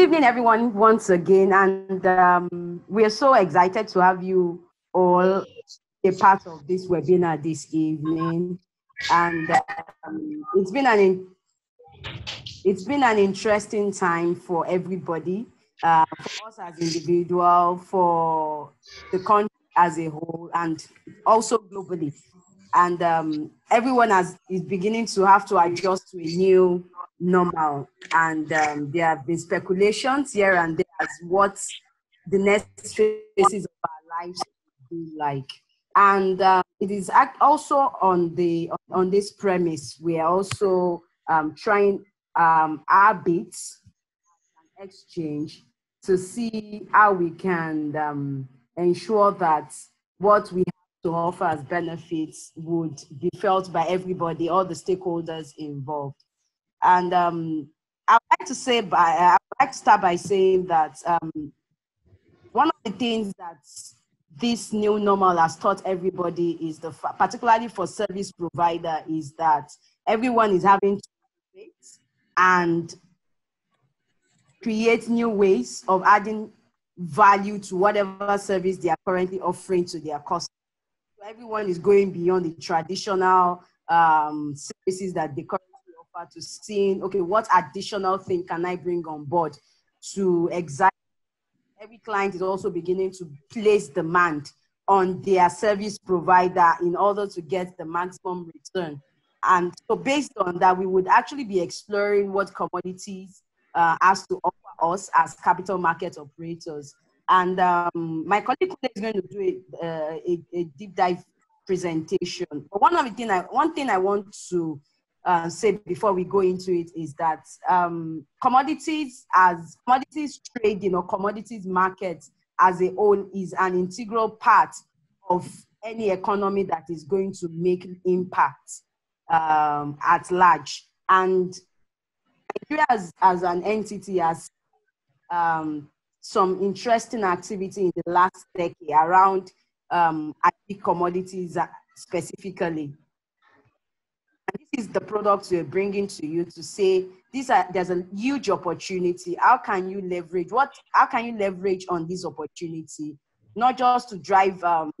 Good evening, everyone, once again. And um, we are so excited to have you all a part of this webinar this evening. And um, it's been an it's been an interesting time for everybody, uh, for us as individual, for the country as a whole, and also globally. And um, everyone has, is beginning to have to adjust to a new normal. And um, there have been speculations here and there as what the next phases of our lives will be like. And uh, it is also on the on this premise we are also um, trying um, our bits and exchange to see how we can um, ensure that what we have to offer as benefits would be felt by everybody, all the stakeholders involved. And um, I'd like to say by I'd like to start by saying that um, one of the things that this new normal has taught everybody is the particularly for service provider is that everyone is having to innovate and create new ways of adding value to whatever service they are currently offering to their customers. So everyone is going beyond the traditional um, services that they currently forward to seeing, okay, what additional thing can I bring on board to exact every client is also beginning to place demand on their service provider in order to get the maximum return. And so, based on that, we would actually be exploring what commodities uh, has to offer us as capital market operators. And um, my colleague is going to do a, uh, a, a, deep dive presentation. But one of the thing I, one thing I want to uh, um, say before we go into it is that um, commodities as commodities trading or commodities market as a whole is an integral part of any economy that is going to make impact um, at large. And Nigeria as, as an entity has um, some interesting activity in the last decade around um, commodities specifically. And this is the product we're bringing to you to say these are there's a huge opportunity. How can you leverage what? How can you leverage on this opportunity? Not just to drive um,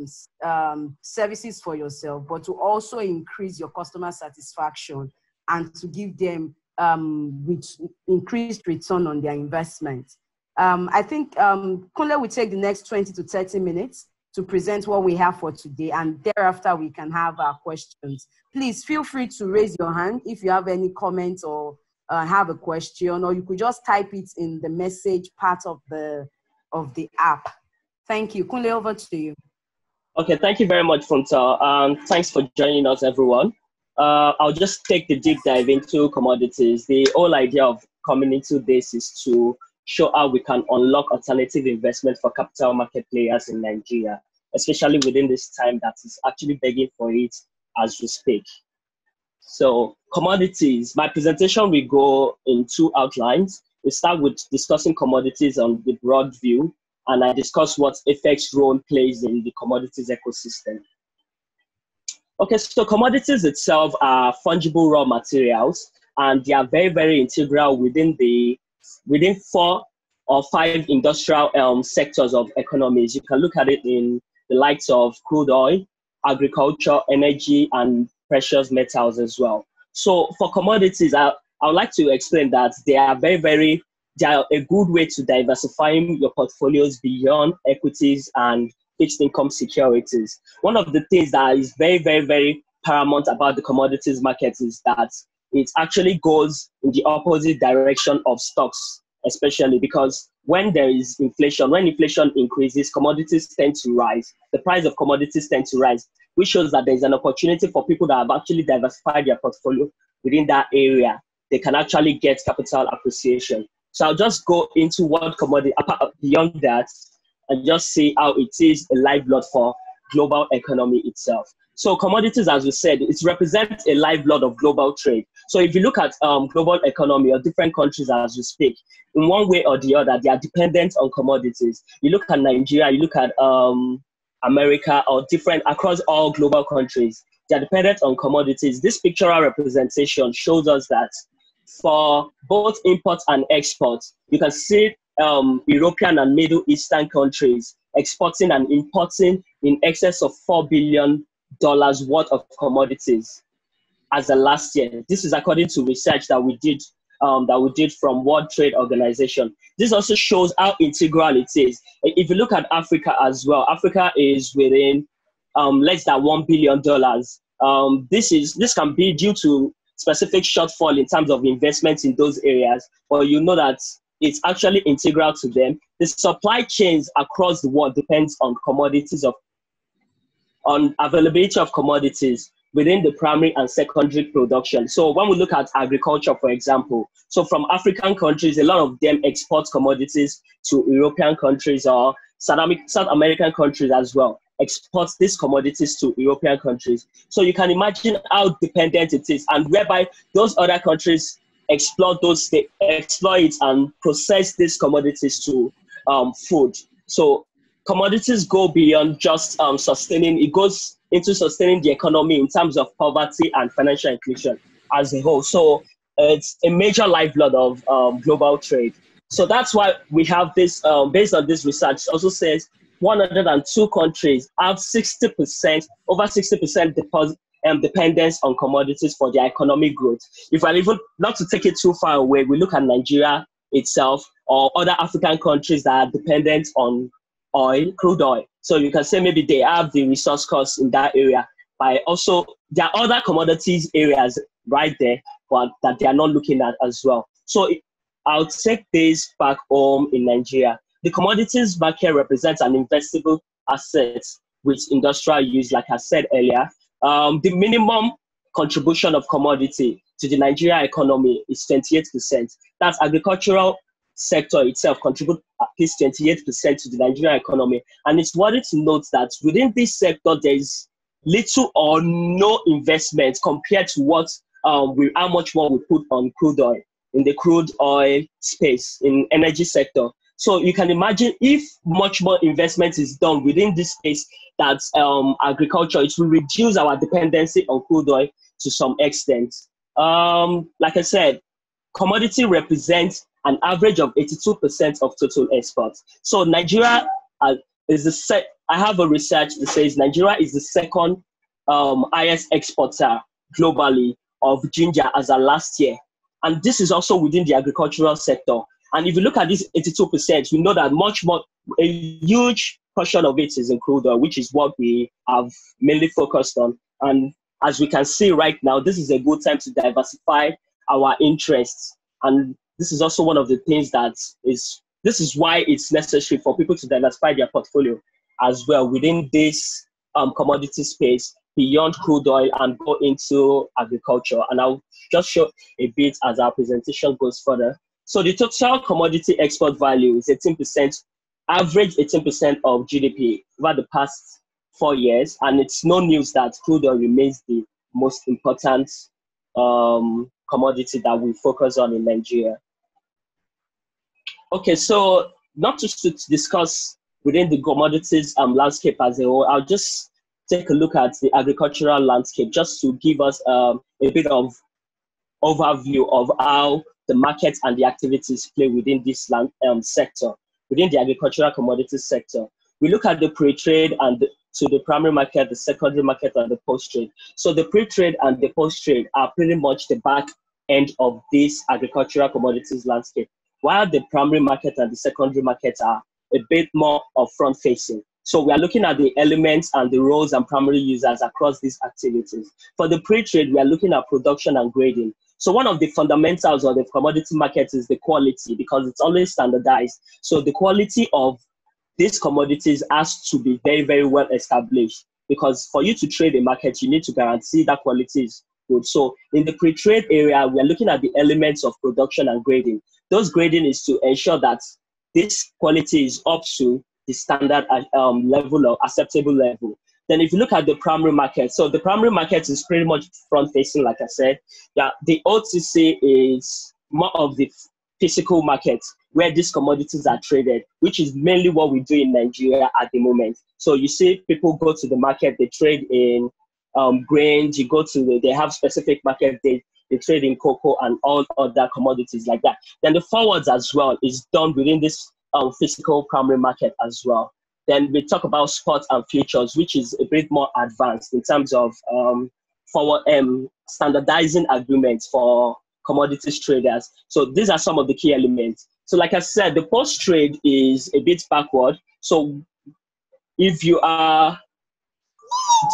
um, services for yourself, but to also increase your customer satisfaction and to give them um, which increased return on their investment. Um, I think um, Kunle will take the next 20 to 30 minutes to present what we have for today, and thereafter we can have our questions. Please feel free to raise your hand if you have any comments or uh, have a question, or you could just type it in the message part of the of the app. Thank you. Kunle, over to you. Okay, thank you very much, Funta. Um, thanks for joining us, everyone. Uh, I'll just take the deep dive into commodities. The whole idea of coming into this is to show how we can unlock alternative investment for capital market players in Nigeria, especially within this time that is actually begging for it as we speak. So, commodities. My presentation will go in two outlines. We start with discussing commodities on the broad view, and I discuss what effects role plays in the commodities ecosystem. Okay, so commodities itself are fungible raw materials, and they are very, very integral within the within four or five industrial um, sectors of economies. You can look at it in the likes of crude oil, agriculture, energy, and precious metals as well. So for commodities, I, I would like to explain that they are very, very, they are a good way to diversify your portfolios beyond equities and fixed income securities. One of the things that is very, very, very paramount about the commodities market is that it actually goes in the opposite direction of stocks, especially because when there is inflation, when inflation increases, commodities tend to rise. The price of commodities tend to rise, which shows that there's an opportunity for people that have actually diversified their portfolio within that area. They can actually get capital appreciation. So I'll just go into what commodity, beyond that, and just see how it is a lifeblood for global economy itself. So commodities, as we said, it represents a lifeblood of global trade. So if you look at um, global economy or different countries as we speak, in one way or the other, they are dependent on commodities. You look at Nigeria, you look at um, America, or different across all global countries, they are dependent on commodities. This pictorial representation shows us that for both imports and exports, you can see um, European and Middle Eastern countries exporting and importing in excess of $4 billion worth of commodities as the last year. This is according to research that we did um, that we did from World Trade Organization. This also shows how integral it is. If you look at Africa as well, Africa is within um, less than one billion dollars. Um, this is this can be due to specific shortfall in terms of investments in those areas, or you know that it's actually integral to them. The supply chains across the world depends on commodities of on availability of commodities within the primary and secondary production. So when we look at agriculture, for example, so from African countries, a lot of them export commodities to European countries or South American countries as well, exports these commodities to European countries. So you can imagine how dependent it is and whereby those other countries exploit those, they exploit and process these commodities to um, food. So commodities go beyond just um, sustaining, it goes into sustaining the economy in terms of poverty and financial inclusion as a whole. So it's a major lifeblood of um, global trade. So that's why we have this, um, based on this research, also says 102 countries have 60%, over 60% deposit, um, dependence on commodities for their economic growth. If I even not to take it too far away, we look at Nigeria itself or other African countries that are dependent on oil, crude oil. So you can say maybe they have the resource costs in that area. But also, there are other commodities areas right there but that they are not looking at as well. So I'll take this back home in Nigeria. The commodities market represents an investable asset with industrial use, like I said earlier. Um, the minimum contribution of commodity to the Nigeria economy is 28%. That's agricultural sector itself contribute at least 28% to the Nigerian economy. And it's worthy to note that within this sector, there is little or no investment compared to what um, we, how much more we put on crude oil in the crude oil space in energy sector. So you can imagine if much more investment is done within this space, that um, agriculture, it will reduce our dependency on crude oil to some extent. Um, like I said, commodity represents an average of 82% of total exports. So Nigeria uh, is the I have a research that says Nigeria is the second um, highest exporter globally of ginger as a last year. And this is also within the agricultural sector. And if you look at this 82%, you know that much more, a huge portion of it is in crude oil, which is what we have mainly focused on. And as we can see right now, this is a good time to diversify our interests and this is also one of the things that is this is why it's necessary for people to diversify their portfolio as well within this um, commodity space beyond crude oil and go into agriculture. And I'll just show a bit as our presentation goes further. So the total commodity export value is 18%, average 18% of GDP over the past four years. And it's no news that crude oil remains the most important um, commodity that we focus on in Nigeria. Okay, so not just to discuss within the commodities um, landscape as a whole, I'll just take a look at the agricultural landscape just to give us um, a bit of overview of how the markets and the activities play within this land, um, sector, within the agricultural commodities sector. We look at the pre-trade and the, to the primary market, the secondary market, and the post-trade. So the pre-trade and the post-trade are pretty much the back end of this agricultural commodities landscape while the primary market and the secondary market are a bit more front facing. So we are looking at the elements and the roles and primary users across these activities. For the pre-trade, we are looking at production and grading. So one of the fundamentals of the commodity market is the quality because it's always standardized. So the quality of these commodities has to be very, very well established because for you to trade a market, you need to guarantee that quality is good. So in the pre-trade area, we are looking at the elements of production and grading those grading is to ensure that this quality is up to the standard uh, um, level or acceptable level. Then if you look at the primary market, so the primary market is pretty much front facing, like I said. Yeah, the OTC is more of the physical market where these commodities are traded, which is mainly what we do in Nigeria at the moment. So you see people go to the market, they trade in um, grains, you go to, the, they have specific market, they they trade in cocoa and all other commodities like that. Then the forwards as well is done within this um, physical primary market as well. Then we talk about spot and futures, which is a bit more advanced in terms of um, forward um, standardizing agreements for commodities traders. So these are some of the key elements. So like I said, the post trade is a bit backward. So if you are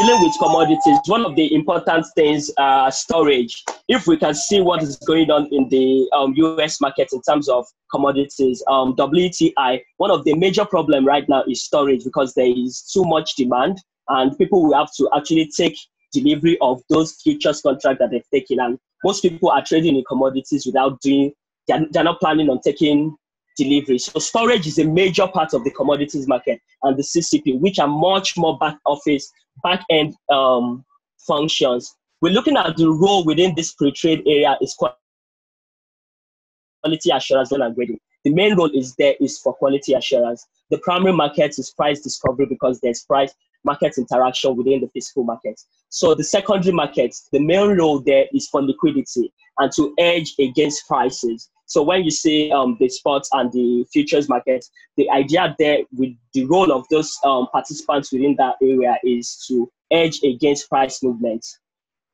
dealing with commodities, one of the important things uh, storage. If we can see what is going on in the um, U.S. market in terms of commodities, um, WTI, one of the major problem right now is storage because there is too much demand, and people will have to actually take delivery of those futures contract that they've taken. And most people are trading in commodities without doing. They're, they're not planning on taking delivery. So storage is a major part of the commodities market and the CCP, which are much more back office back end um, functions, we're looking at the role within this pre-trade area is quality assurance and grading. The main role is there is for quality assurance. The primary market is price discovery because there's price market interaction within the physical market. So the secondary market, the main role there is for liquidity and to edge against prices. So when you see um, the sports and the futures market, the idea there with the role of those um, participants within that area is to edge against price movements.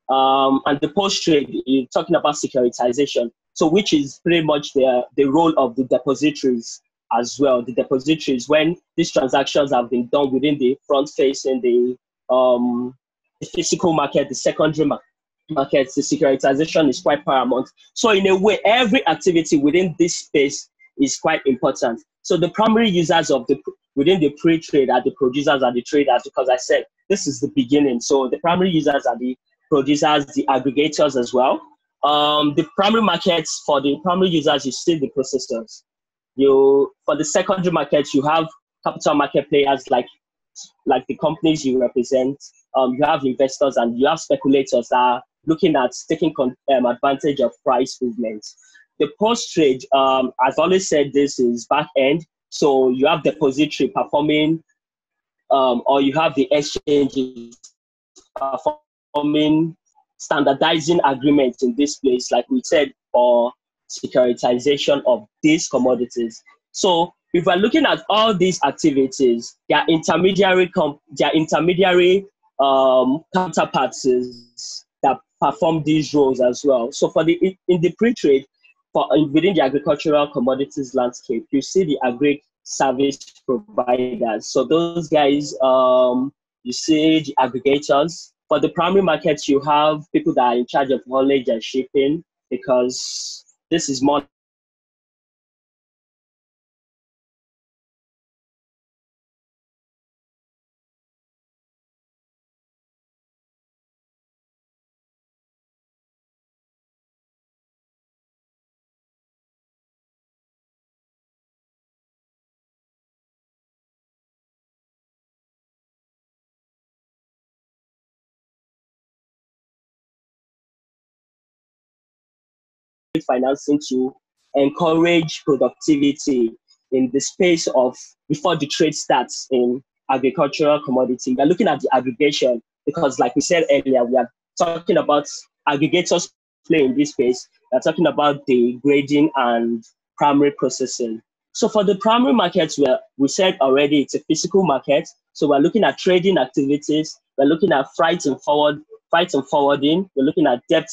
Um, and the post trade, you're talking about securitization, so which is pretty much the, the role of the depositories as well. The depositories, when these transactions have been done within the front facing the, um, the physical market, the secondary market, markets, the securitization is quite paramount. So, in a way, every activity within this space is quite important. So, the primary users of the within the pre-trade are the producers and the traders, because I said this is the beginning. So, the primary users are the producers, the aggregators as well. Um, the primary markets for the primary users, is still the processors. You for the secondary markets, you have capital market players like like the companies you represent. Um, you have investors and you have speculators that are looking at taking con- um, advantage of price movements. The post trade, um, always said this is back end. So you have depository performing, um, or you have the exchanges performing standardizing agreements in this place, like we said, for securitization of these commodities. So if we're looking at all these activities, their intermediary, comp- their intermediary um, counterparts perform these roles as well. So for the in the pre-trade, for within the agricultural commodities landscape, you see the agri service providers. So those guys, um, you see the aggregators. For the primary markets, you have people that are in charge of haulage and shipping because this is more financing to encourage productivity in the space of before the trade starts in agricultural commodity. We're looking at the aggregation because, like we said earlier, we are talking about aggregators play in this space. We're talking about the grading and primary processing. So for the primary markets, we, we said already it's a physical market. So we're looking at trading activities. We're looking at freight and forward, freight and forwarding. We're looking at debt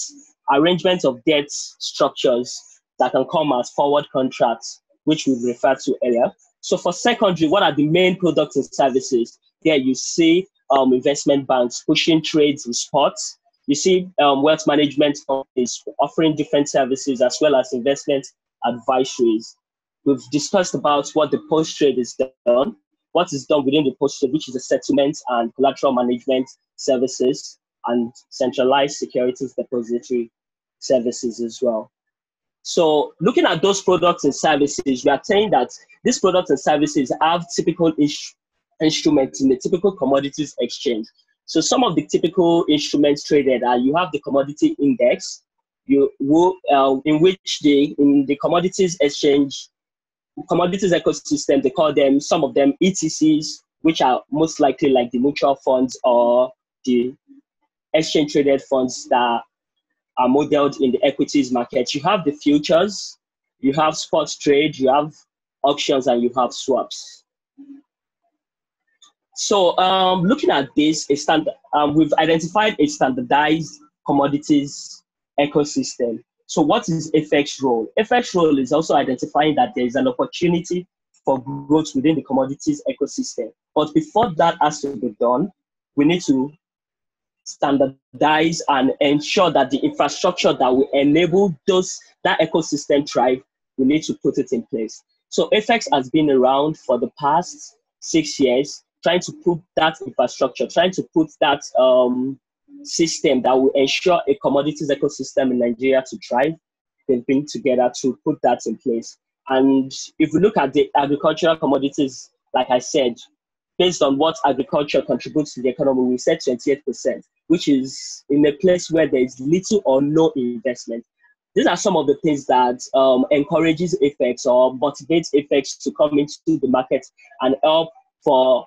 arrangements of debt structures that can come as forward contracts, which we referred to earlier. So for secondary, what are the main products and services? There you see um, investment banks pushing trades in sports. You see um, wealth management companies offering different services as well as investment advisories. We've discussed about what the post trade is done, what is done within the post trade, which is the settlement and collateral management services and centralized securities depository services as well. So, looking at those products and services, we are saying that these products and services have typical is- instruments in the typical commodities exchange. So, some of the typical instruments traded are you have the commodity index, you uh, in which the in the commodities exchange, commodities ecosystem, they call them some of them ETCs, which are most likely like the mutual funds or the exchange traded funds that are modeled in the equities market. You have the futures, you have spot trade, you have auctions, and you have swaps. So um, looking at this, a um, we've identified a standardized commodities ecosystem. So what is FX role? FX role is also identifying that there is an opportunity for growth within the commodities ecosystem. But before that has to be done, we need to standardize and ensure that the infrastructure that will enable those that ecosystem thrive, we need to put it in place. So FX has been around for the past six years, trying to put that infrastructure, trying to put that um, system that will ensure a commodities ecosystem in Nigeria to thrive. They've been together to put that in place. And if we look at the agricultural commodities, like I said, based on what agriculture contributes to the economy, we said 28%, which is in a place where there is little or no investment. These are some of the things that um, encourages effects or motivates effects to come into the market and help for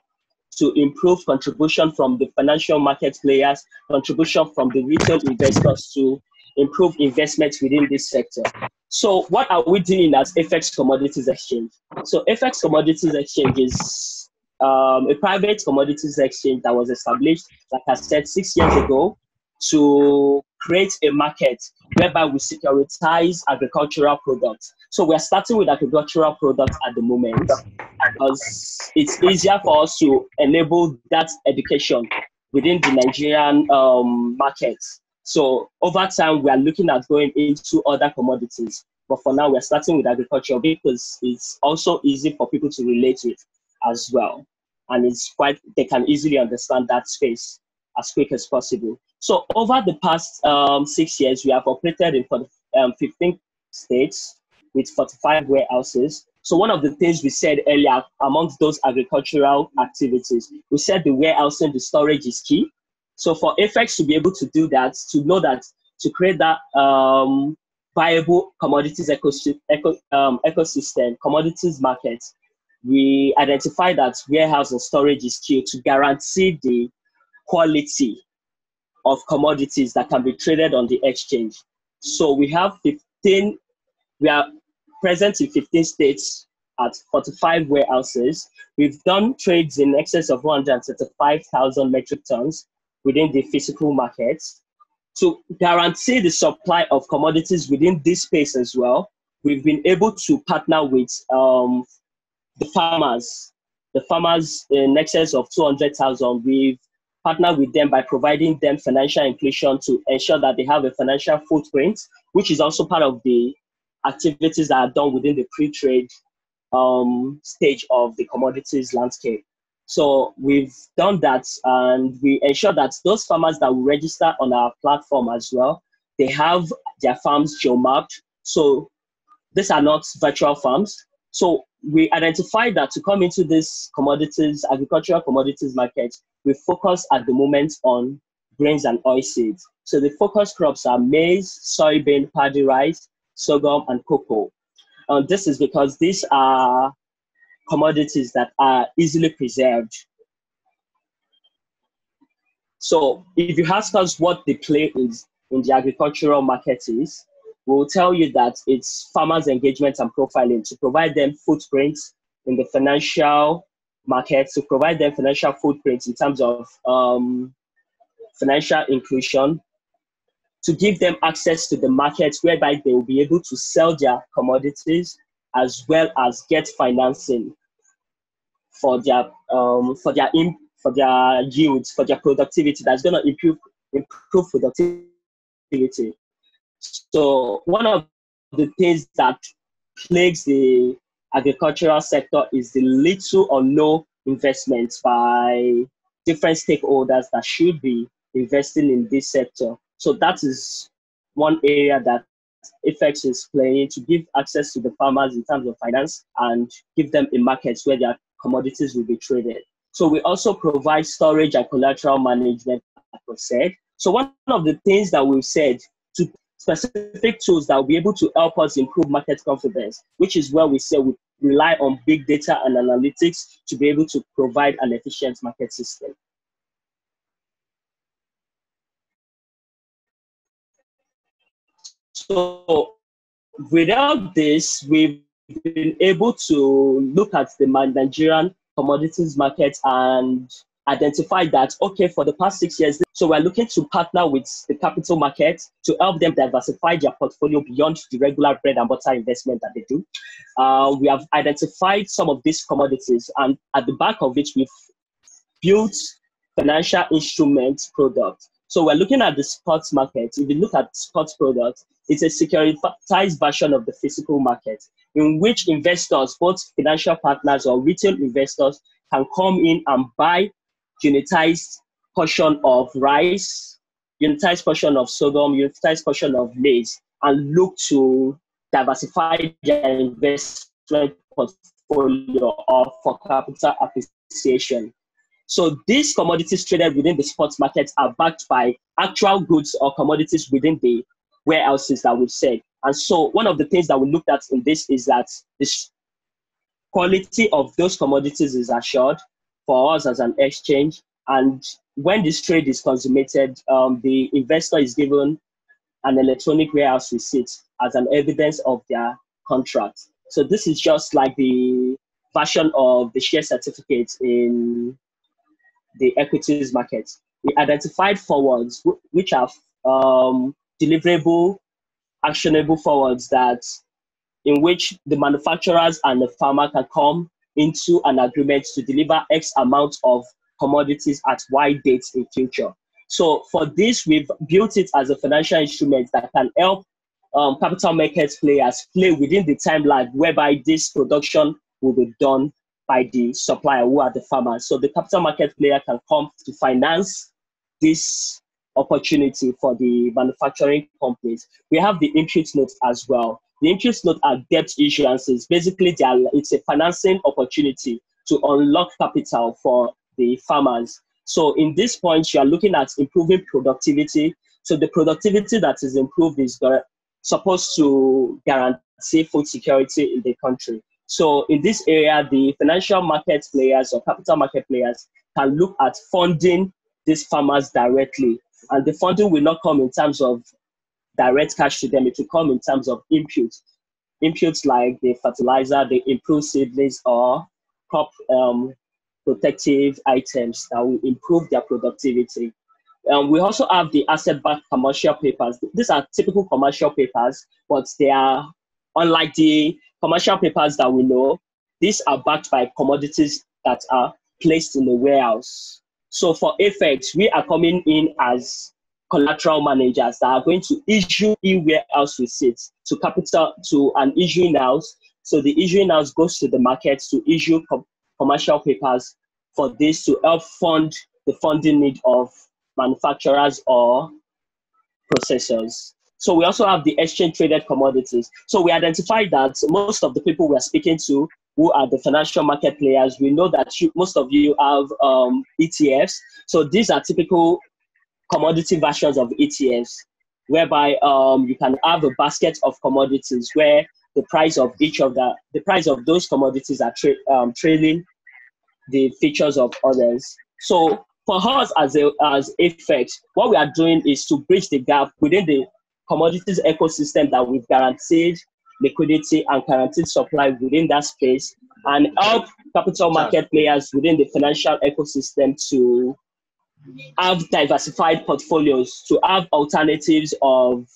to improve contribution from the financial market players, contribution from the retail investors to improve investments within this sector. So what are we doing as FX Commodities Exchange? So FX Commodities Exchange is um, a private commodities exchange that was established, like I said, six years ago to create a market whereby we securitize agricultural products. So we're starting with agricultural products at the moment because it's easier for us to enable that education within the Nigerian um, market. So over time, we are looking at going into other commodities. But for now, we're starting with agriculture because it's also easy for people to relate with as well. And it's quite, they can easily understand that space as quick as possible. So over the past um, six years, we have operated in um, 15 states with 45 warehouses. So one of the things we said earlier amongst those agricultural activities, we said the warehousing, the storage is key. So for FX to be able to do that, to know that, to create that um, viable commodities ecosystem, eco, um, ecosystem, commodities market, we identify that warehouse and storage is key to guarantee the quality of commodities that can be traded on the exchange. So we have 15, we are present in 15 states at 45 warehouses. We've done trades in excess of 135,000 metric tons within the physical markets. To guarantee the supply of commodities within this space as well, we've been able to partner with um, the farmers, the farmers in excess of 200,000. We've partnered with them by providing them financial inclusion to ensure that they have a financial footprint, which is also part of the activities that are done within the pre-trade um, stage of the commodities landscape. So we've done that, and we ensure that those farmers that register on our platform as well, they have their farms geomapped. So these are not virtual farms. So we identified that to come into this commodities, agricultural commodities market, we focus at the moment on grains and oilseeds. So the focus crops are maize, soybean, paddy rice, sorghum, and cocoa. And uh, this is because these are commodities that are easily preserved. So if you ask us what the play is in the agricultural market is, will tell you that it's farmers engagement and profiling to provide them footprints in the financial market, to provide them financial footprints in terms of um, financial inclusion, to give them access to the market, whereby they will be able to sell their commodities as well as get financing for their um, for their imp- for their yields, for their productivity that's going to improve improve productivity. So one of the things that plagues the agricultural sector is the little or no investments by different stakeholders that should be investing in this sector. So that is one area that FX is playing to give access to the farmers in terms of finance and give them a market where their commodities will be traded. So we also provide storage and collateral management, as I said. So one of the things that we've said to specific tools that will be able to help us improve market confidence, which is where we say we rely on big data and analytics to be able to provide an efficient market system. So without this, we've been able to look at the Nigerian commodities market and identify that, okay, for the past six years, so we're looking to partner with the capital market to help them diversify their portfolio beyond the regular bread and butter investment that they do. Uh, we have identified some of these commodities, and at the back of it, we've built financial instrument product. So we're looking at the spot market. If you look at spot product, it's a securitized version of the physical market in which investors, both financial partners or retail investors, can come in and buy unitized portion of rice, unitized portion of sorghum, unitized portion of maize, and look to diversify their investment portfolio or for capital appreciation. So these commodities traded within the spot markets are backed by actual goods or commodities within the warehouses that we've said. And so one of the things that we looked at in this is that the quality of those commodities is assured for us as an exchange. And when this trade is consummated, um, the investor is given an electronic warehouse receipt as an evidence of their contract. So this is just like the version of the share certificate in the equities market. We identified forwards, which are um, deliverable, actionable forwards that in which the manufacturers and the farmer can come into an agreement to deliver X amount of commodities at Y dates in future. So for this, we've built it as a financial instrument that can help um, capital markets players play within the time lag, whereby this production will be done by the supplier who are the farmers. So the capital market player can come to finance this opportunity for the manufacturing companies. We have the input note as well. The interest note are debt issuances. Basically, are, it's a financing opportunity to unlock capital for the farmers. So in this point, you are looking at improving productivity. So the productivity that is improved is supposed to guarantee food security in the country. So in this area, the financial market players or capital market players can look at funding these farmers directly. And the funding will not come in terms of direct cash to them, it will come in terms of inputs. Inputs like the fertilizer, the improved seedlings, or crop um, protective items that will improve their productivity. Um, we also have the asset-backed commercial papers. These are typical commercial papers, but they are unlike the commercial papers that we know. These are backed by commodities that are placed in the warehouse. So for FX, we are coming in as collateral managers that are going to issue e warehouse receipts to capital to an issuing house. So the issuing house goes to the market to issue com- commercial papers for this to help fund the funding need of manufacturers or processors. So we also have the exchange traded commodities. So we identified that most of the people we are speaking to who are the financial market players, we know that you, most of you have um, ETFs. So these are typical commodity versions of ETFs, whereby um, you can have a basket of commodities where the price of each of the the price of those commodities are tra- um, trailing the features of others. So for us as a, as effect, what we are doing is to bridge the gap within the commodities ecosystem that we've guaranteed liquidity and guaranteed supply within that space and help capital market players within the financial ecosystem to have diversified portfolios, to have alternatives of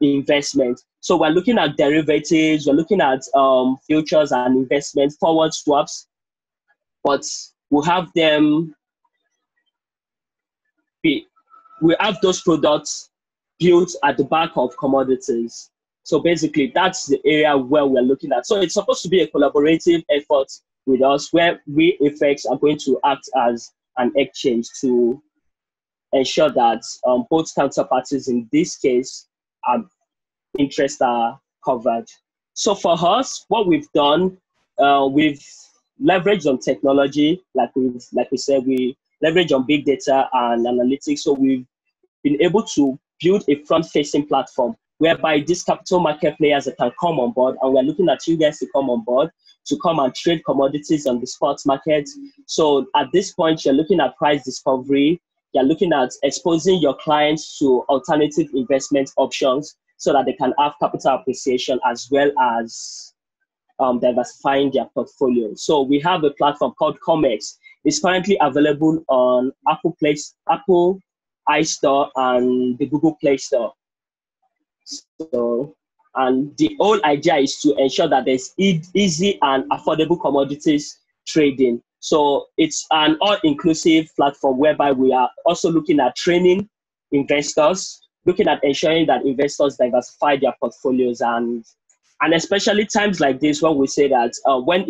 investment. So we're looking at derivatives, we're looking at um, futures and investment forward swaps, but we have them be, we have those products built at the back of commodities. So basically, that's the area where we're looking at. So it's supposed to be a collaborative effort with us where we effects are going to act as an exchange to ensure that um, both counterparties in this case are um, interests are covered. So for us, what we've done, uh, we've leveraged on technology, like we like we said, we leverage on big data and analytics. So we've been able to build a front-facing platform whereby these capital market players that can come on board, and we're looking at you guys to come on board to come and trade commodities on the spot market. So at this point, you're looking at price discovery, they are looking at exposing your clients to alternative investment options so that they can have capital appreciation as well as um, diversifying their portfolio. So we have a platform called Comex. It's currently available on Apple Play, Apple iStore, and the Google Play Store. So, and the whole idea is to ensure that there's e easy and affordable commodities trading so it's an all-inclusive platform whereby we are also looking at training investors, looking at ensuring that investors diversify their portfolios and and especially times like this when we say that uh, when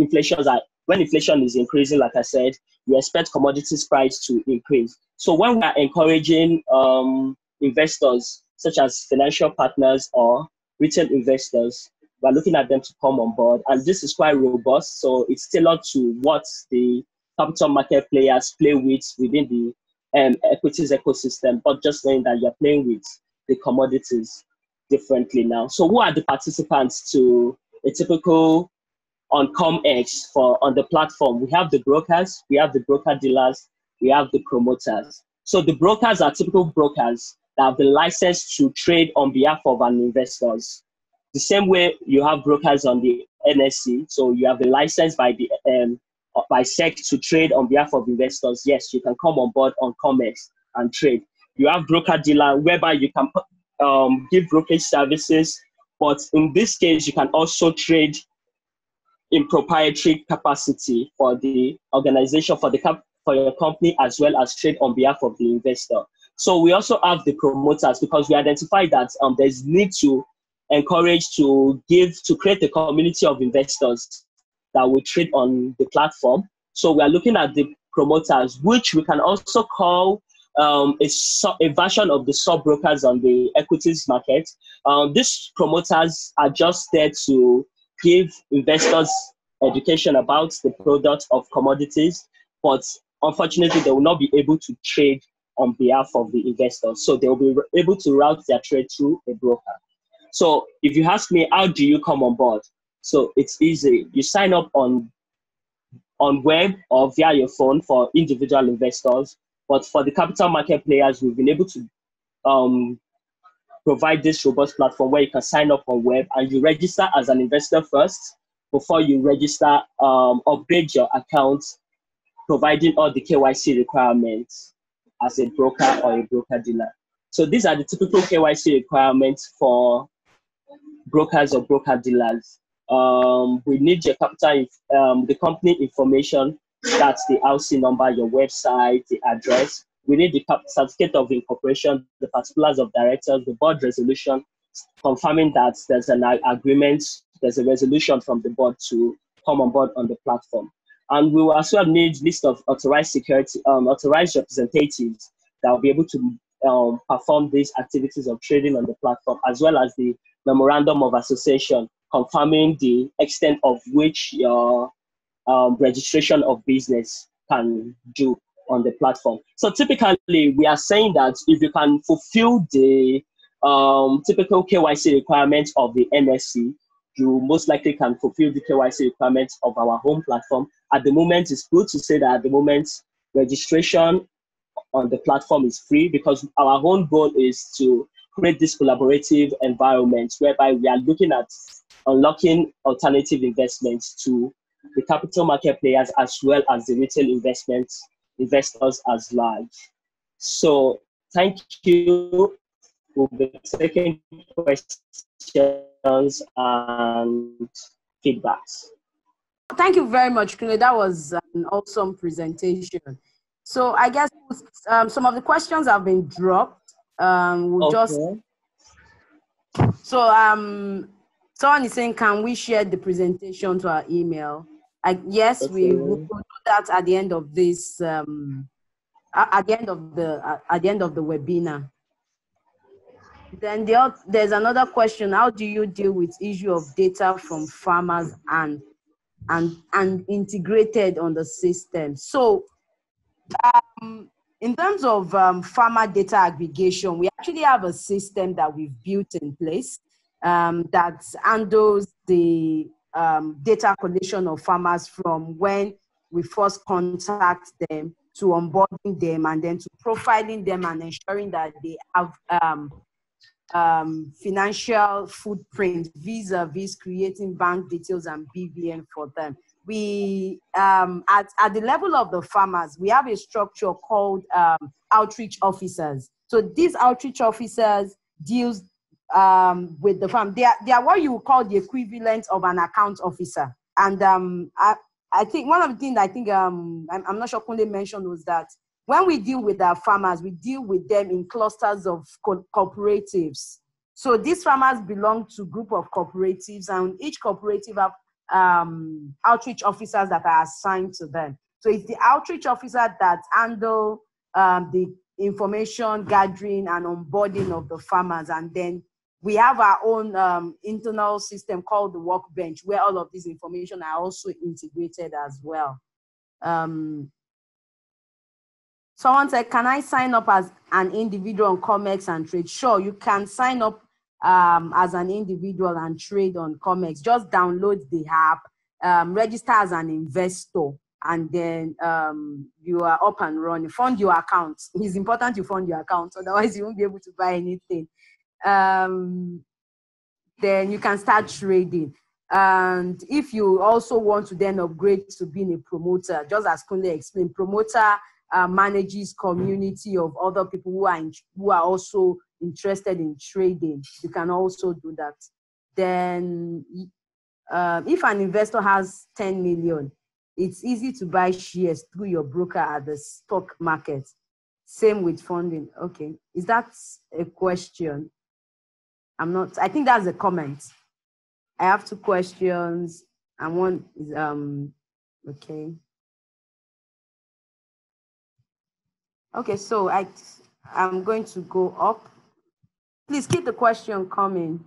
when inflation is increasing, like I said, we expect commodities price to increase. So when we are encouraging um, investors such as financial partners or retail investors we're looking at them to come on board. And this is quite robust, so it's tailored to what the capital market players play with within the um, equities ecosystem, but just knowing that you're playing with the commodities differently now. So who are the participants to a typical on ComEx for on the platform? We have the brokers, we have the broker dealers, we have the promoters. So the brokers are typical brokers that have been licensed to trade on behalf of an investors the same way you have brokers on the NSC, so you have the license by the um, uh, by SEC to trade on behalf of investors. Yes, you can come on board on commerce and trade. You have broker dealer whereby you can um, give brokerage services, but in this case, you can also trade in proprietary capacity for the organization for the cap- for your company as well as trade on behalf of the investor. So we also have the promoters because we identify that um, there's need to encouraged to give to create a community of investors that will trade on the platform. So we are looking at the promoters, which we can also call um, a, sub, a, version of the sub brokers on the equities market. Um, these promoters are just there to give investors education about the product of commodities, but unfortunately, they will not be able to trade on behalf of the investors. So they will be able to route their trade through a broker. So if you ask me, how do you come on board? So it's easy. You sign up on on web or via your phone for individual investors. But for the capital market players, we've been able to um, provide this robust platform where you can sign up on web and you register as an investor first before you register, um, upgrade your account, providing all the KYC requirements as a broker or a broker dealer. So these are the typical KYC requirements for brokers or broker dealers. Um, we need your capital, um, the company information, that's the IC number, your website, the address. We need the certificate of incorporation, the particulars of directors, the board resolution, confirming that there's an agreement, there's a resolution from the board to come on board on the platform. And we will also need list of authorized security, um, authorized representatives that will be able to um, perform these activities of trading on the platform, as well as the memorandum of association confirming the extent of which your um, registration of business can do on the platform. So typically, we are saying that if you can fulfill the um, typical KYC requirements of the NSC, you most likely can fulfill the KYC requirements of our home platform. At the moment, it's good to say that at the moment, registration on the platform is free because our own goal is to create this collaborative environment whereby we are looking at unlocking alternative investments to the capital market players as well as the retail investments investors as large. So thank you. We'll be taking questions and feedbacks. Thank you very much, Kune. That was an awesome presentation. So I guess um, some of the questions have been dropped um, we'll okay. just. So um, someone is saying, can we share the presentation to our email? I, yes, okay. we will do that at the end of this. Um, at the end of the at the end of the webinar. Then the, there's another question: How do you deal with issue of data from farmers and and and integrated on the system? So um, in terms of um, farmer data aggregation, we actually have a system that we've built in place um, that handles the um, data collection of farmers from when we first contact them to onboarding them and then to profiling them and ensuring that they have um, um, financial footprint vis-a-vis creating bank details and BVN for them we um, at, at the level of the farmers we have a structure called um, outreach officers so these outreach officers deals um, with the farm they are, they are what you would call the equivalent of an account officer and um, I, I think one of the things i think um, I'm, I'm not sure kunle mentioned was that when we deal with our farmers we deal with them in clusters of co- cooperatives so these farmers belong to group of cooperatives and each cooperative have um, outreach officers that are assigned to them. So it's the outreach officer that handle um, the information gathering and onboarding of the farmers. And then we have our own um, internal system called the workbench where all of this information are also integrated as well. Um, someone said, can I sign up as an individual on COMEX and trade? Sure, you can sign up um, as an individual and trade on COMEX, just download the app, um, register as an investor, and then um, you are up and running. Fund your account. It's important you fund your account, otherwise, you won't be able to buy anything. Um, then you can start trading. And if you also want to then upgrade to being a promoter, just as Kunle explained, promoter uh, manages community of other people who are in, who are also interested in trading, you can also do that. Then, uh, if an investor has 10 million, it's easy to buy shares through your broker at the stock market. Same with funding. Okay, is that a question? I'm not. I think that's a comment. I have two questions, and one is um okay. Okay, so I I'm going to go up. Please keep the question coming.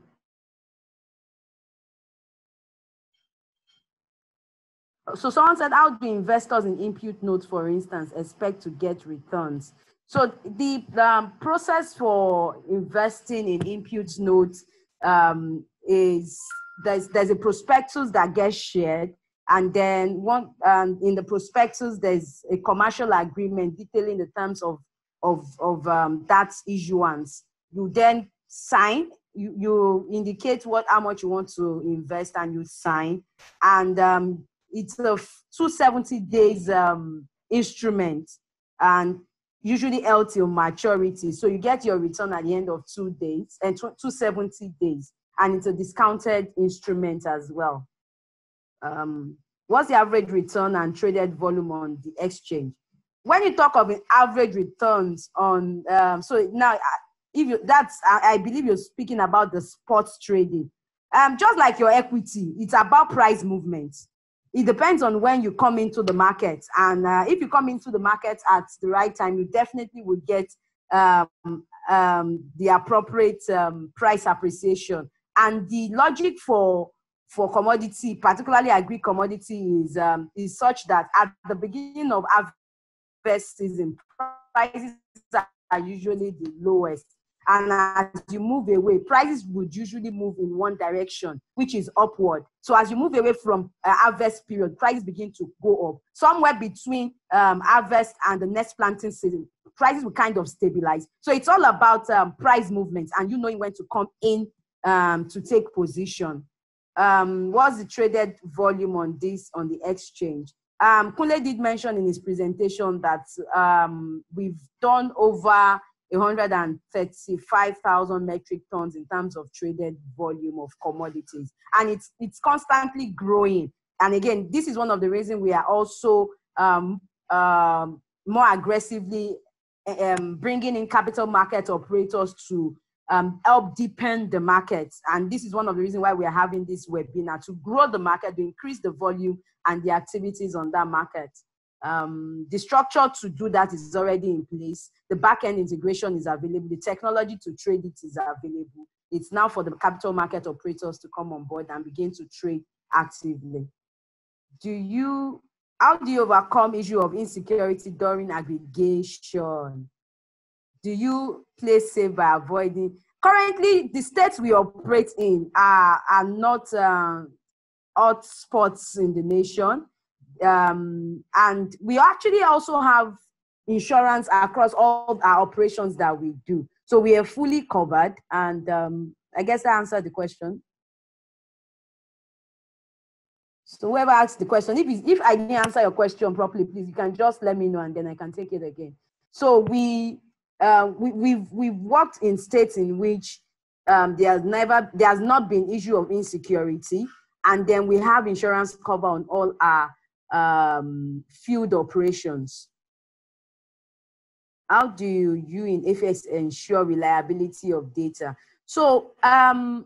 So someone said, how do investors in impute notes, for instance, expect to get returns? So the, um, process for investing in impute notes um, is there's, there's a prospectus that gets shared and then one um, in the prospectus there's a commercial agreement detailing the terms of of, of um, that issuance you then sign you, you indicate what how much you want to invest and you sign and um, it's a 270 days um, instrument and usually held till maturity so you get your return at the end of two days and eh, 270 days and it's a discounted instrument as well um, what's the average return and traded volume on the exchange when you talk of average returns on um, so now if you that's I, I believe you're speaking about the sports trading. Um, just like your equity, it's about price movement. It depends on when you come into the market, and uh, if you come into the market at the right time, you definitely would get um, um, the appropriate um, price appreciation. And the logic for for commodity, particularly agri commodity, is um, is such that at the beginning of harvest season, prices are usually the lowest. And as you move away, prices would usually move in one direction, which is upward. So as you move away from uh, harvest period, prices begin to go up. Somewhere between um, harvest and the next planting season, prices will kind of stabilize. So it's all about um, price movements and you knowing when to come in um, to take position. Um, what's the traded volume on this on the exchange? Um, Kunle did mention in his presentation that um, we've done over 135,000 metric tons in terms of traded volume of commodities. And it's, it's constantly growing. And again, this is one of the reasons we are also um, um, more aggressively um, bringing in capital market operators to um, help deepen the markets. And this is one of the reasons why we are having this webinar to grow the market, to increase the volume and the activities on that market. Um, the structure to do that is already in place. The backend integration is available. The technology to trade it is available. It's now for the capital market operators to come on board and begin to trade actively. Do you? How do you overcome issue of insecurity during aggregation? Do you play safe by avoiding? Currently, the states we operate in are, are not um, hot spots in the nation um, and we actually also have insurance across all our operations that we do. So we are fully covered. And um, I guess I answered the question. So whoever asked the question, if, if I didn't answer your question properly, please, you can just let me know and then I can take it again. So we, uh, we, we've, we've worked in states in which um, there has never, there has not been issue of insecurity. And then we have insurance cover on all our um, field operations. How do you in FS, ensure reliability of data? So um,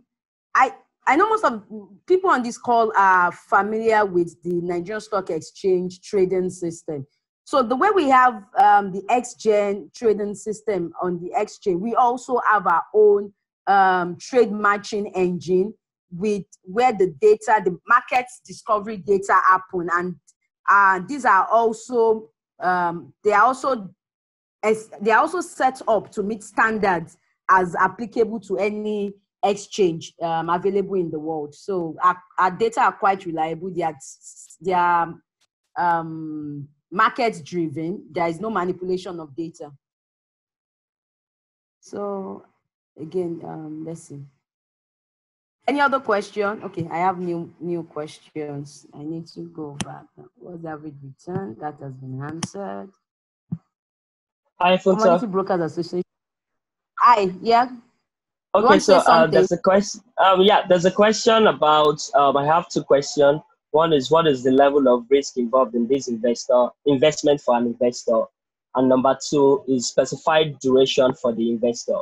I, I know most of people on this call are familiar with the Nigerian Stock Exchange trading system. So the way we have um, the XGen trading system on the exchange, we also have our own um, trade matching engine with where the data, the markets discovery data happen and and these are also um, they are also they are also set up to meet standards as applicable to any exchange um, available in the world. So our, our, data are quite reliable. They are, they are um, market driven. There is no manipulation of data. So again, um, let's see. Any other question? Okay, I have new new questions. I need to go back. What's the average return? That has been answered. Hi, Commodity Brokers Association. Hi, yeah. Okay, so uh, there's a question. Um, uh, yeah, there's a question about. Um, I have two questions. One is what is the level of risk involved in this investor investment for an investor, and number two is specified duration for the investor.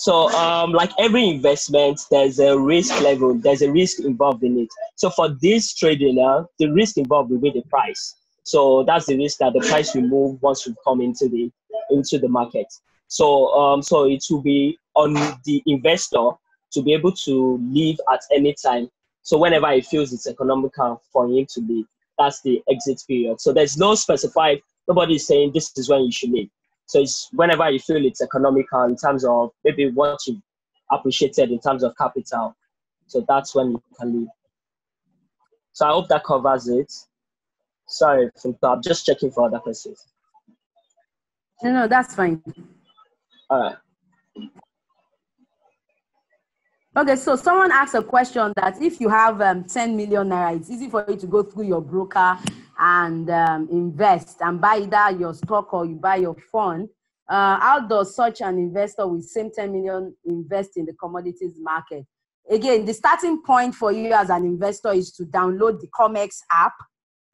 So, um, like every investment, there's a risk level, there's a risk involved in it. So, for this trading, uh, the risk involved will be the price. So that's the risk that the price will move once we come into the into the market. So, um, so it will be on the investor to be able to leave at any time. So whenever he feels it's economical for him to leave, that's the exit period. So there's no specified. Nobody's saying this is when you should leave. So it's whenever you feel it's economical in terms of maybe what you appreciated in terms of capital. So that's when you can leave. So I hope that covers it. Sorry, I'm just checking for other questions. No, no, that's fine. All right. Okay, so someone asked a question that if you have um, 10 million naira, it's easy for you to go through your broker and um, invest and buy either your stock or you buy your fund, uh, how does such an investor with same 10 million invest in the commodities market? Again, the starting point for you as an investor is to download the COMEX app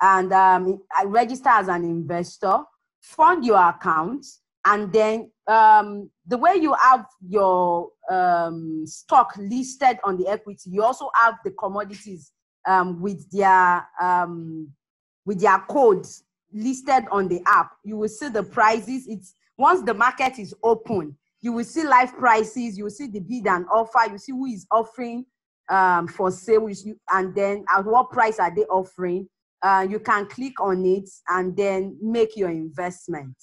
and um, register as an investor, fund your account, and then um, the way you have your um, stock listed on the equity, you also have the commodities um, with their um, with their codes listed on the app. You will see the prices. It's once the market is open, you will see live prices, you will see the bid and offer, you see who is offering um, for sale, you, and then at what price are they offering. Uh, you can click on it and then make your investment.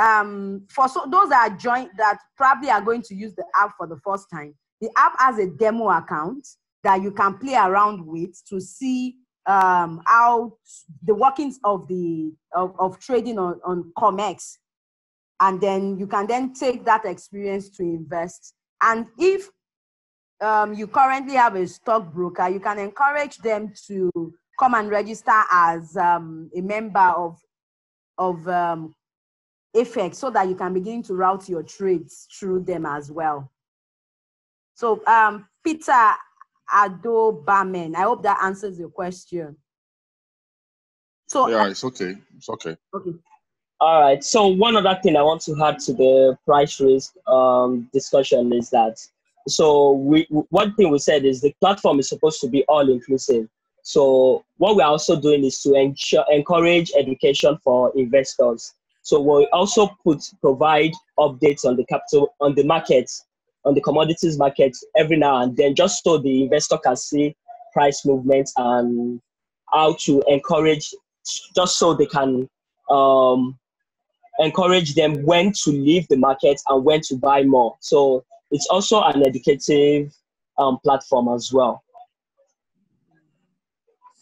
Um, for so those that are joined that probably are going to use the app for the first time, the app has a demo account that you can play around with to see um, how the workings of the of, of trading on, on comex and then you can then take that experience to invest and if um, you currently have a stockbroker you can encourage them to come and register as um, a member of of um, AFEX so that you can begin to route your trades through them as well. So, um, Peter, Ado Bamen. I hope that answers your question. So yeah, it's okay. It's okay. Okay. All right. So one other thing I want to add to the price risk um, discussion is that so we one thing we said is the platform is supposed to be all inclusive. So what we're also doing is to ensure, encourage education for investors. So we'll also put provide updates on the capital on the markets on the commodities market every now and then, just so the investor can see price movements and how to encourage, just so they can um, encourage them when to leave the market and when to buy more. So it's also an educative um, platform as well.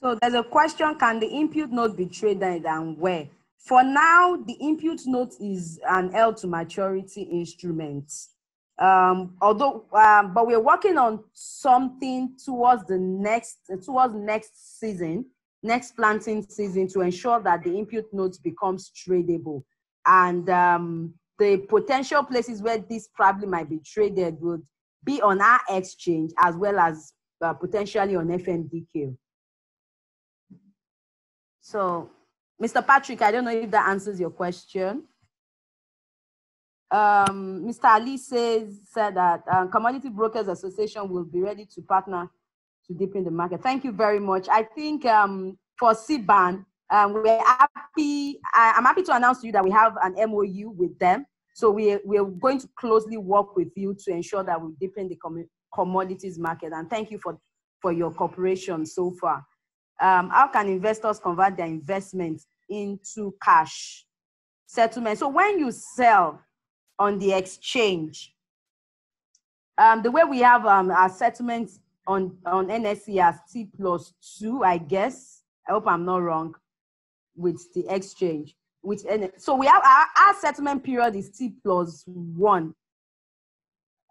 So there's a question, can the input note be traded and where? For now, the input note is an L to maturity instrument um, although um, but we're working on something towards the next towards next season next planting season to ensure that the input notes becomes tradable and um, the potential places where this probably might be traded would be on our exchange as well as uh, potentially on fmdq so mr patrick i don't know if that answers your question um, Mr. Ali says said that uh, Commodity Brokers Association will be ready to partner to deepen the market. Thank you very much. I think um, for CBAN, um, we're happy. I, am happy to announce to you that we have an MOU with them. So we we're going to closely work with you to ensure that we deepen the com commodities market. And thank you for for your cooperation so far. Um, how can investors convert their investment into cash settlement? So when you sell on the exchange. Um, the way we have um, our settlements on, on NSE as T plus two, I guess. I hope I'm not wrong with the exchange. which so we have our, our settlement period is T plus one.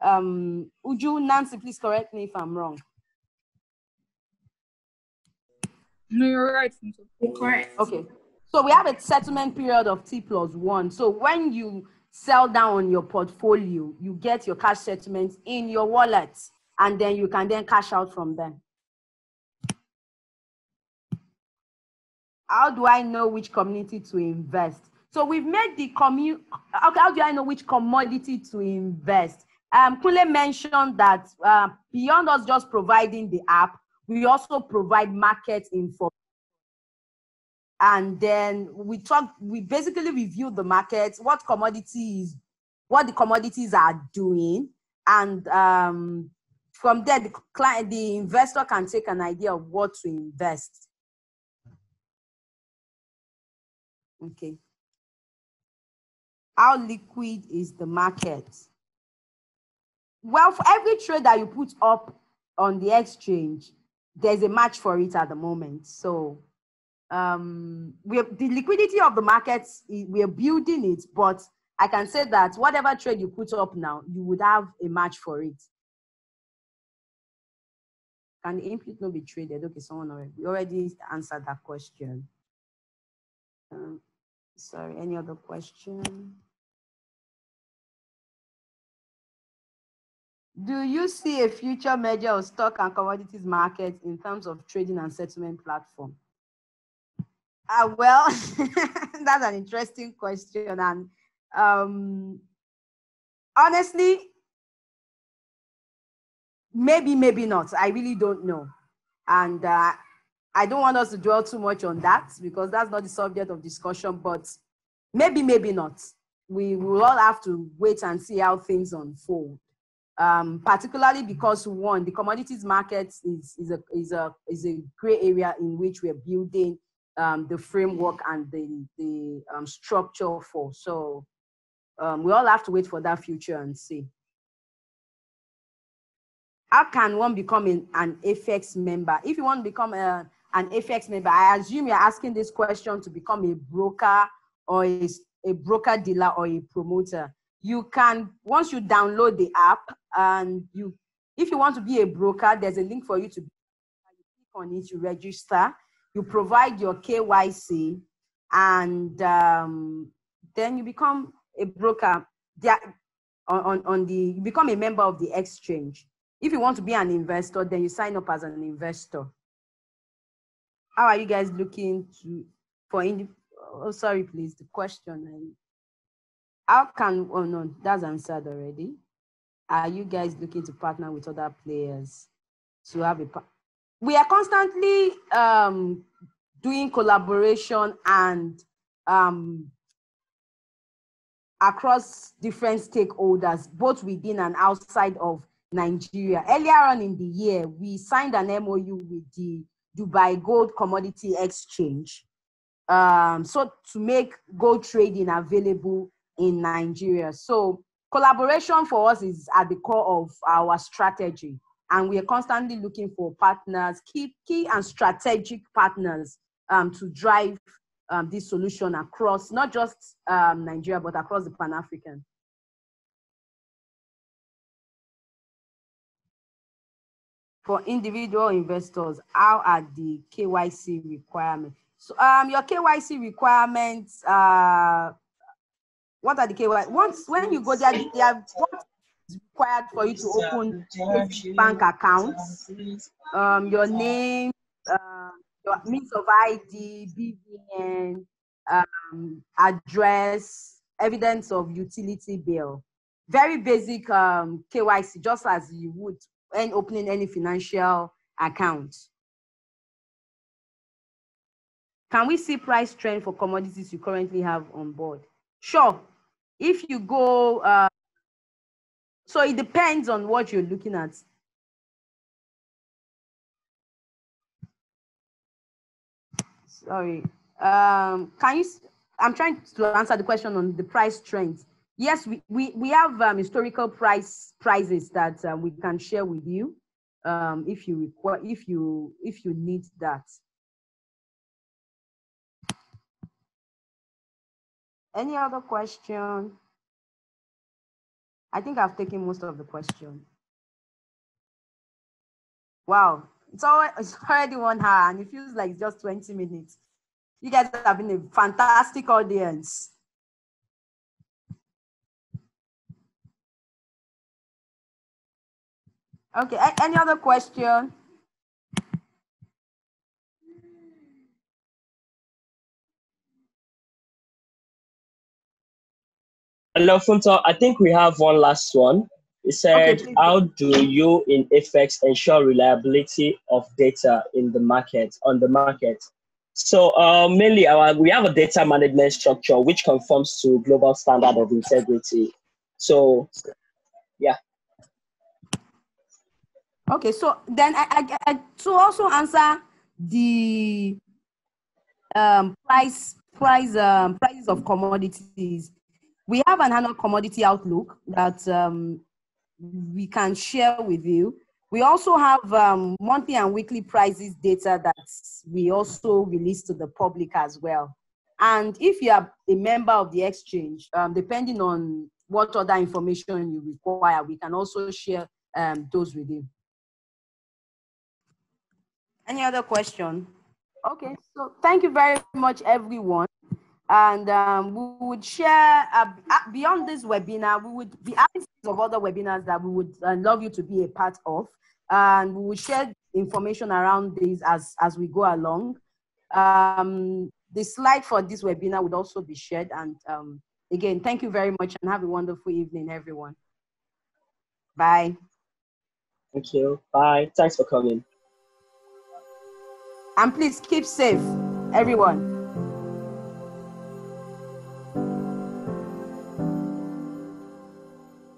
Um, you, Nancy, please correct me if I'm wrong. No, you're right. You're correct. Okay. So we have a settlement period of T plus one. So when you sell down your portfolio, you get your cash settlements in your wallet, and then you can then cash out from them. How do I know which community to invest? So we've made the commu. How, how do I know which commodity to invest? Um, Kule mentioned that uh, beyond us just providing the app, we also provide market information and then we talk we basically review the markets what commodities what the commodities are doing and um, from there the client the investor can take an idea of what to invest okay how liquid is the market well for every trade that you put up on the exchange there's a match for it at the moment so um, we have, the liquidity of the markets, we are building it, but I can say that whatever trade you put up now, you would have a match for it. Can the input not be traded? Okay, someone already, we already answered that question. Um, sorry, any other question? Do you see a future merger of stock and commodities markets in terms of trading and settlement platform? Uh, well, that's an interesting question. And um, honestly, maybe, maybe not. I really don't know. And uh, I don't want us to dwell too much on that because that's not the subject of discussion, but maybe, maybe not. We will all have to wait and see how things unfold. Um, particularly because one, the commodities market is, is, a, is, a, is a great area in which we're building um, the framework and the, the um, structure for. So um, we all have to wait for that future and see. How can one become an, an member? If you want to become a, uh, an FX member, I assume you're asking this question to become a broker or a, a broker dealer or a promoter. You can, once you download the app and you, if you want to be a broker, there's a link for you to, click on it, you register you provide your KYC, and um, then you become a broker on, on, on the you become a member of the exchange. If you want to be an investor, then you sign up as an investor. How are you guys looking to for oh sorry please the question how can oh no that's answered already are you guys looking to partner with other players to have a we are constantly um, doing collaboration and um, across different stakeholders, both within and outside of Nigeria. Earlier on in the year, we signed an MOU with the Dubai Gold Commodity Exchange um, so to make gold trading available in Nigeria. So collaboration for us is at the core of our strategy and we are constantly looking for partners, key, key and strategic partners um, to drive um, this solution across not just um, Nigeria, but across the Pan African. For individual investors, how are the KYC requirements? So, um, your KYC requirements, uh, what are the KYC? Once when you go there, they have what is required for you to uh, open a bank account. Um, your name, uh, your means of ID, BVN, um, address, evidence of utility bill. Very basic um, KYC, just as you would when opening any financial account. Can we see price trend for commodities you currently have on board? Sure. If you go uh, so it depends on what you're looking at. Sorry. Um, can you, I'm trying to answer the question on the price trends. Yes, we, we, we have um, historical price prices that uh, we can share with you um, if you require, if you, if you need that. Any other question? I think I've taken most of the question. Wow, it's, all, it's already one hour and it feels like just 20 minutes. You guys have been a fantastic audience. Okay, any other question? And I think we have one last one. It said, okay, How do you in FX ensure reliability of data in the market, on the market? So uh, mainly our, we have a data management structure which conforms to global standard of integrity. So yeah. Okay, so then I, I, I to also answer the um, price price um, prices of commodities. We have an annual commodity outlook that um, we can share with you. We also have um, monthly and weekly prices data that we also release to the public as well. And if you are a member of the exchange, um, depending on what other information you require, we can also share um, those with you. Any other question? Okay, so thank you very much, everyone and um, we would share um, uh, beyond this webinar we would be having of other webinars that we would uh, love you to be a part of and we will share information around this as as we go along um, the slide for this webinar would also be shared and um, again thank you very much and have a wonderful evening everyone bye thank you bye thanks for coming and please keep safe everyone